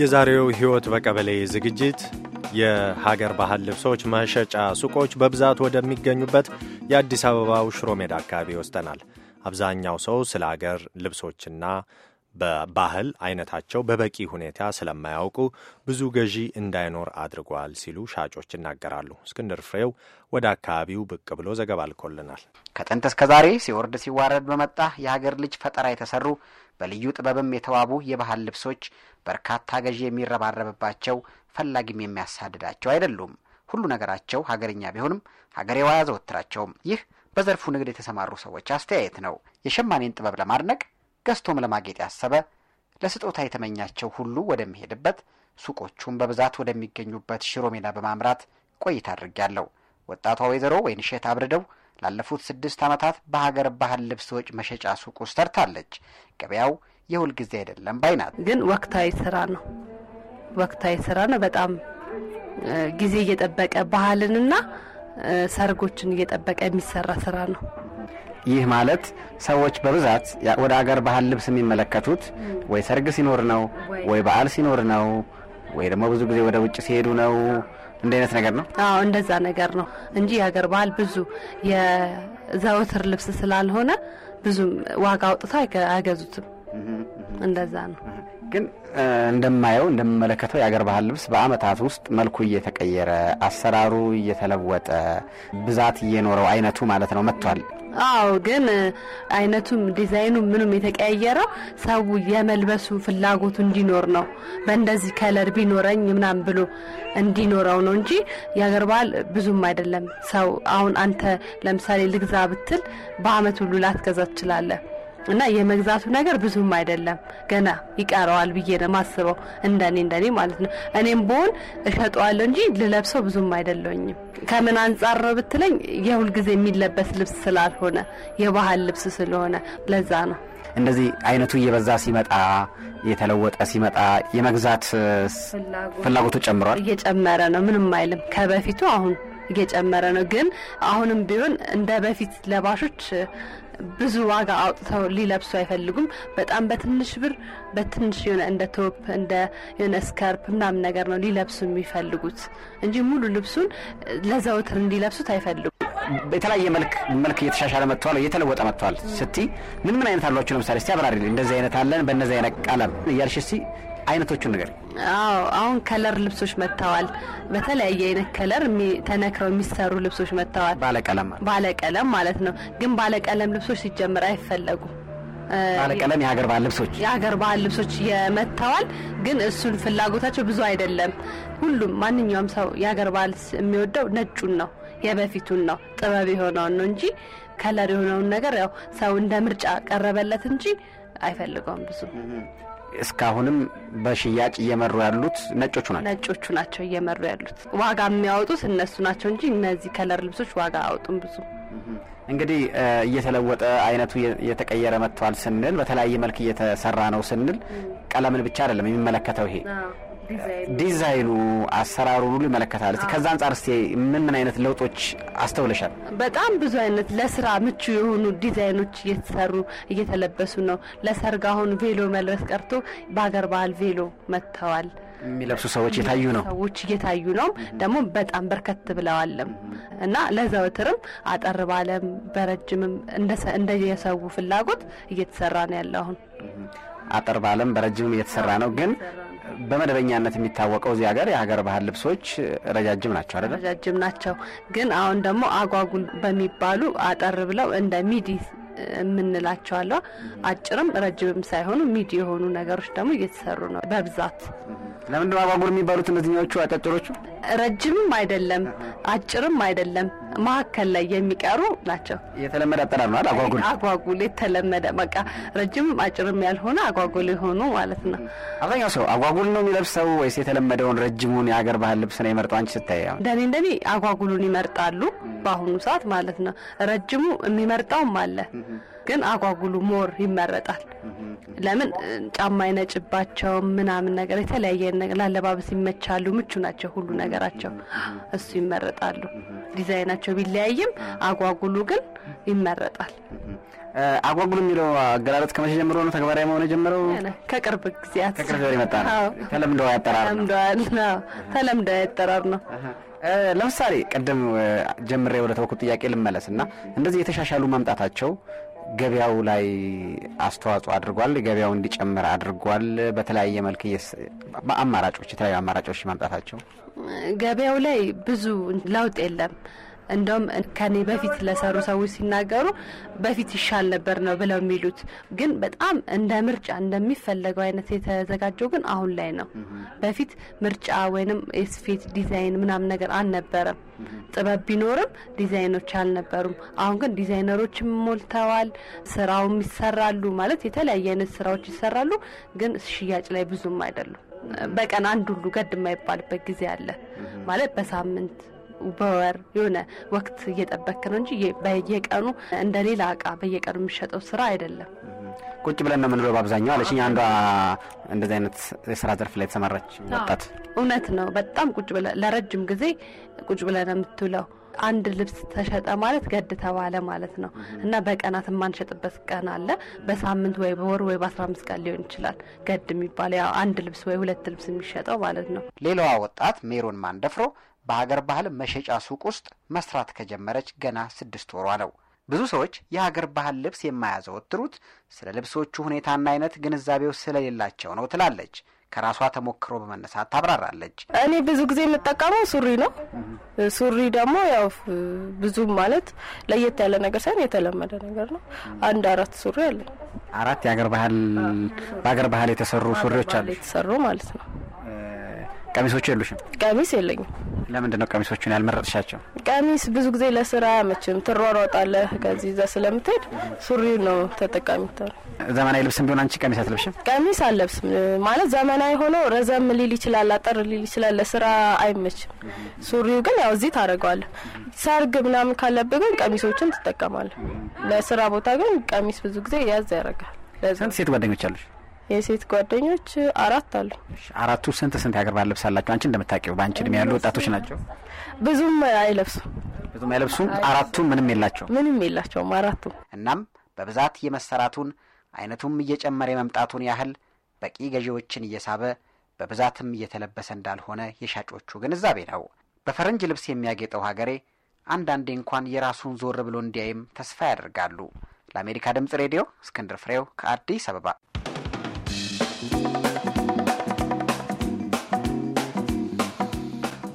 የዛሬው ሕይወት በቀበሌ ዝግጅት የሀገር ባህል ልብሶች መሸጫ ሱቆች በብዛት ወደሚገኙበት የአዲስ አበባው ሽሮ ሜዳ አካባቢ ይወስደናል። አብዛኛው ሰው ስለ አገር ልብሶችና በባህል አይነታቸው በበቂ ሁኔታ ስለማያውቁ ብዙ ገዢ እንዳይኖር አድርጓል ሲሉ ሻጮች ይናገራሉ። እስክንድር ፍሬው ወደ አካባቢው ብቅ ብሎ ዘገባ አልኮልናል። ከጥንት እስከ ዛሬ ሲወርድ ሲዋረድ በመጣ የሀገር ልጅ ፈጠራ የተሰሩ በልዩ ጥበብም የተዋቡ የባህል ልብሶች በርካታ ገዢ የሚረባረብባቸው ፈላጊም የሚያሳድዳቸው አይደሉም። ሁሉ ነገራቸው ሀገርኛ ቢሆንም ሀገሬው አያዘወትራቸውም። ይህ በዘርፉ ንግድ የተሰማሩ ሰዎች አስተያየት ነው። የሸማኔን ጥበብ ለማድነቅ ገዝቶም ለማጌጥ ያሰበ ለስጦታ የተመኛቸው ሁሉ ወደሚሄድበት ሱቆቹም በብዛት ወደሚገኙበት ሽሮ ሜዳ በማምራት ቆይታ አድርጌያለሁ። ወጣቷ ወይዘሮ ወይንሸት አብርደው ላለፉት ስድስት ዓመታት በሀገር ባህል ልብስ ወጭ መሸጫ ሱቅ ውስጥ ሰርታለች። ገበያው የሁል ጊዜ አይደለም ባይ ናት። ግን ወቅታዊ ስራ ነው፣ ወቅታዊ ስራ ነው። በጣም ጊዜ እየጠበቀ ባህልንና ሰርጎችን እየጠበቀ የሚሰራ ስራ ነው። ይህ ማለት ሰዎች በብዛት ወደ አገር ባህል ልብስ የሚመለከቱት ወይ ሰርግ ሲኖር ነው፣ ወይ በዓል ሲኖር ነው፣ ወይ ደግሞ ብዙ ጊዜ ወደ ውጭ ሲሄዱ ነው። እንደ አይነት ነገር ነው። አዎ እንደዛ ነገር ነው እንጂ የሀገር ባህል ብዙ የዘወትር ልብስ ስላልሆነ ብዙም ዋጋ አውጥተው አይገዙትም። እንደዛ ነው። ግን እንደማየው እንደምመለከተው የአገር ባህል ልብስ በአመታት ውስጥ መልኩ እየተቀየረ አሰራሩ እየተለወጠ ብዛት እየኖረው አይነቱ ማለት ነው መጥቷል። አዎ ግን አይነቱም ዲዛይኑ ምንም የተቀያየረው ሰው የመልበሱ ፍላጎቱ እንዲኖር ነው። በእንደዚህ ከለር ቢኖረኝ ምናምን ብሎ እንዲኖረው ነው እንጂ የሀገር ባህል ብዙም አይደለም። ሰው አሁን አንተ ለምሳሌ ልግዛ ብትል በአመት ሁሉ ላትገዛ ትችላለህ። እና የመግዛቱ ነገር ብዙም አይደለም ገና ይቀረዋል ብዬ ነው ማስበው እንደኔ እንደኔ ማለት ነው። እኔም ብሆን እሸጠዋለሁ እንጂ ልለብሰው ብዙም አይደለኝም። ከምን አንጻር ነው ብትለኝ የሁልጊዜ የሚለበስ ልብስ ስላልሆነ የባህል ልብስ ስለሆነ ለዛ ነው። እንደዚህ አይነቱ እየበዛ ሲመጣ እየተለወጠ ሲመጣ የመግዛት ፍላጎቱ ጨምሯል። እየጨመረ ነው፣ ምንም አይልም ከበፊቱ አሁን እየጨመረ ነው። ግን አሁንም ቢሆን እንደ በፊት ለባሾች ብዙ ዋጋ አውጥተው ሊለብሱ አይፈልጉም። በጣም በትንሽ ብር በትንሽ የሆነ እንደ ቶፕ እንደ የሆነ ስከርፕ ምናምን ነገር ነው ሊለብሱ የሚፈልጉት እንጂ ሙሉ ልብሱን ለዘውትር እንዲለብሱት አይፈልጉም። የተለያየ መልክ መልክ እየተሻሻለ መጥተዋል፣ እየተለወጠ መጥተዋል። ስቲ ምን ምን አይነት አሏቸው? ለምሳሌ ስቲ አብራሪ፣ እንደዚህ አይነት አለን በእነዚህ አይነት ቀለም እያልሽ ስቲ አይነቶቹን ነገር አዎ አሁን ከለር ልብሶች መጥተዋል። በተለያየ አይነት ከለር ተነክረው የሚሰሩ ልብሶች መጥተዋል። ባለቀለም ባለቀለም ማለት ነው። ግን ባለቀለም ልብሶች ሲጀምር አይፈለጉም። ባለቀለም የሀገር ባህል ልብሶች የሀገር ባህል ልብሶች የመጥተዋል። ግን እሱን ፍላጎታቸው ብዙ አይደለም። ሁሉም ማንኛውም ሰው የሀገር ባህል የሚወደው ነጩን ነው የበፊቱን ነው ጥበብ የሆነውን ነው እንጂ ከለር የሆነውን ነገር ያው ሰው እንደ ምርጫ ቀረበለት እንጂ አይፈልገውም ብዙ እስካሁንም በሽያጭ እየመሩ ያሉት ነጮቹ ናቸው ነጮቹ ናቸው እየመሩ ያሉት። ዋጋ የሚያወጡት እነሱ ናቸው እንጂ እነዚህ ከለር ልብሶች ዋጋ አያወጡም ብዙ። እንግዲህ እየተለወጠ አይነቱ እየተቀየረ መጥቷል ስንል፣ በተለያየ መልክ እየተሰራ ነው ስንል ቀለምን ብቻ አይደለም የሚመለከተው ይሄ ዲዛይኑ አሰራሩ ሁሉ ይመለከታል። ከዛ አንጻር እስቲ ምን ምን አይነት ለውጦች አስተውለሻል? በጣም ብዙ አይነት ለስራ ምቹ የሆኑ ዲዛይኖች እየተሰሩ እየተለበሱ ነው። ለሰርግ አሁን ቬሎ መልበስ ቀርቶ በሀገር ባህል ቬሎ መጥተዋል። የሚለብሱ ሰዎች እየታዩ ነው። ሰዎች እየታዩ ነው ደግሞ በጣም በርከት ብለዋለም እና ለዘወትርም አጠር ባለም በረጅምም እንደየሰው ፍላጎት እየተሰራ ነው ያለው አሁን አጠር ባለም በረጅምም እየተሰራ ነው ግን በመደበኛነት የሚታወቀው እዚህ ሀገር የሀገር ባህል ልብሶች ረጃጅም ናቸው አይደለም? ረጃጅም ናቸው። ግን አሁን ደግሞ አጓጉል በሚባሉ አጠር ብለው እንደ ሚዲ የምንላቸዋለ አጭርም ረጅምም ሳይሆኑ ሚዲ የሆኑ ነገሮች ደግሞ እየተሰሩ ነው በብዛት ለምንድን ነው የሚባሉት እነዚህኛዎቹ አጫጭሮቹ? ረጅምም አይደለም አጭርም አይደለም መካከል ላይ የሚቀሩ ናቸው። የተለመደ አጠራር ነው አጓጉል። አጓጉል የተለመደ በቃ ረጅምም አጭርም ያልሆነ አጓጉል የሆኑ ማለት ነው። አብዛኛው ሰው አጓጉል ነው የሚለብሰው ወይስ የተለመደውን ረጅሙን የሀገር ባህል ልብስ ነው የመርጠው? አንቺ ስታይ እንደኔ እንደኔ አጓጉሉን ይመርጣሉ በአሁኑ ሰዓት ማለት ነው። ረጅሙ የሚመርጣውም አለ ግን አጓጉሉ ሞር ይመረጣል። ለምን ጫማ አይነጭባቸው ምናምን ነገር የተለያየ ነገር ላለባበስ ይመቻሉ፣ ምቹ ናቸው ሁሉ ነገራቸው እሱ ይመረጣሉ። ዲዛይናቸው ቢለያይም አጓጉሉ ግን ይመረጣል። አጓጉሉ የሚለው አገላለጽ ከመቼ ጀምሮ ነው ተግባራዊ መሆን የጀመረው? ከቅርብ ጊዜያት ያጠራር ነው። ያጠራር ነው። ለምሳሌ ቅድም ጀምሬ ወደ ተወኩት ጥያቄ ልመለስ እና እንደዚህ የተሻሻሉ መምጣታቸው ገበያው ላይ አስተዋጽኦ አድርጓል። ገበያው እንዲጨምር አድርጓል። በተለያየ መልክ በአማራጮች የተለያዩ አማራጮች ማምጣታቸው ገበያው ላይ ብዙ ለውጥ የለም። እንደውም ከኔ በፊት ለሰሩ ሰዎች ሲናገሩ በፊት ይሻል ነበር ነው ብለው የሚሉት። ግን በጣም እንደ ምርጫ እንደሚፈለገው አይነት የተዘጋጀው ግን አሁን ላይ ነው። በፊት ምርጫ ወይንም የስፌት ዲዛይን ምናምን ነገር አልነበረም። ጥበብ ቢኖርም ዲዛይኖች አልነበሩም። አሁን ግን ዲዛይነሮችም ሞልተዋል፣ ስራውም ይሰራሉ። ማለት የተለያየ አይነት ስራዎች ይሰራሉ፣ ግን ሽያጭ ላይ ብዙም አይደሉም። በቀን አንድ ሁሉ ገድ የማይባልበት ጊዜ አለ ማለት በሳምንት በወር የሆነ ወቅት እየጠበክ ነው እንጂ በየቀኑ እንደ ሌላ እቃ በየቀኑ የሚሸጠው ስራ አይደለም። ቁጭ ብለን ነው የምንለው በአብዛኛው አለችኝ አንዷ እንደዚህ አይነት የስራ ዘርፍ ላይ የተሰማራች ወጣት። እውነት ነው። በጣም ቁጭ ብለ ለረጅም ጊዜ ቁጭ ብለን የምትውለው አንድ ልብስ ተሸጠ ማለት ገድ ተባለ ማለት ነው እና በቀናት የማንሸጥበት ቀን አለ። በሳምንት ወይ በወር ወይ በአስራ አምስት ቀን ሊሆን ይችላል ገድ የሚባለው ያው አንድ ልብስ ወይ ሁለት ልብስ የሚሸጠው ማለት ነው። ሌላዋ ወጣት ሜሮን ማንደፍሮ በሀገር ባህል መሸጫ ሱቅ ውስጥ መስራት ከጀመረች ገና ስድስት ወሯ ነው። ብዙ ሰዎች የሀገር ባህል ልብስ የማያዘወትሩት ስለ ልብሶቹ ሁኔታና አይነት ግንዛቤው ስለሌላቸው ነው ትላለች። ከራሷ ተሞክሮ በመነሳት ታብራራለች። እኔ ብዙ ጊዜ የምጠቀመው ሱሪ ነው። ሱሪ ደግሞ ያው ብዙ ማለት ለየት ያለ ነገር ሳይሆን የተለመደ ነገር ነው። አንድ አራት ሱሪ አለኝ። አራት የሀገር ባህል በሀገር ባህል የተሰሩ ሱሪዎች አሉ የተሰሩ ማለት ነው ቀሚሶቹ የሉሽም? ቀሚስ የለኝም። ለምንድን ነው ቀሚሶቹን ያልመረጥሻቸው? ቀሚስ ብዙ ጊዜ ለስራ አያመችም፣ ትሯሯጣለህ ከዚህ እዛ ስለምትሄድ ሱሪው ነው ተጠቃሚ። ዘመናዊ ልብስ ቢሆን አንቺ ቀሚስ አትለብሽም? ቀሚስ አለብስም ማለት ዘመናዊ ሆኖ ረዘም ሊል ይችላል፣ አጠር ሊል ይችላል፣ ለስራ አይመችም። ሱሪው ግን ያው እዚህ ታደርገዋለህ። ሰርግ ምናምን ካለብህ ግን ቀሚሶችን ትጠቀማለህ። ለስራ ቦታ ግን ቀሚስ ብዙ ጊዜ ያዝ ያደርጋል። ስንት ሴት ጓደኞች አሉሽ? የሴት ጓደኞች አራት አሉ። አራቱ ስንት ስንት የሀገር ባህል ልብስ አላቸው? አንቺ እንደምታውቂው በአንቺ እድሜ ያሉ ወጣቶች ናቸው። ብዙም አይለብሱም፣ ብዙም አይለብሱም። አራቱ ምንም የላቸው፣ ምንም የላቸውም አራቱ። እናም በብዛት የመሰራቱን አይነቱም እየጨመረ የመምጣቱን ያህል በቂ ገዢዎችን እየሳበ በብዛትም እየተለበሰ እንዳልሆነ የሻጮቹ ግንዛቤ ነው። በፈረንጅ ልብስ የሚያጌጠው ሀገሬ አንዳንዴ እንኳን የራሱን ዞር ብሎ እንዲያይም ተስፋ ያደርጋሉ። ለአሜሪካ ድምጽ ሬዲዮ እስክንድር ፍሬው ከአዲስ አበባ thank you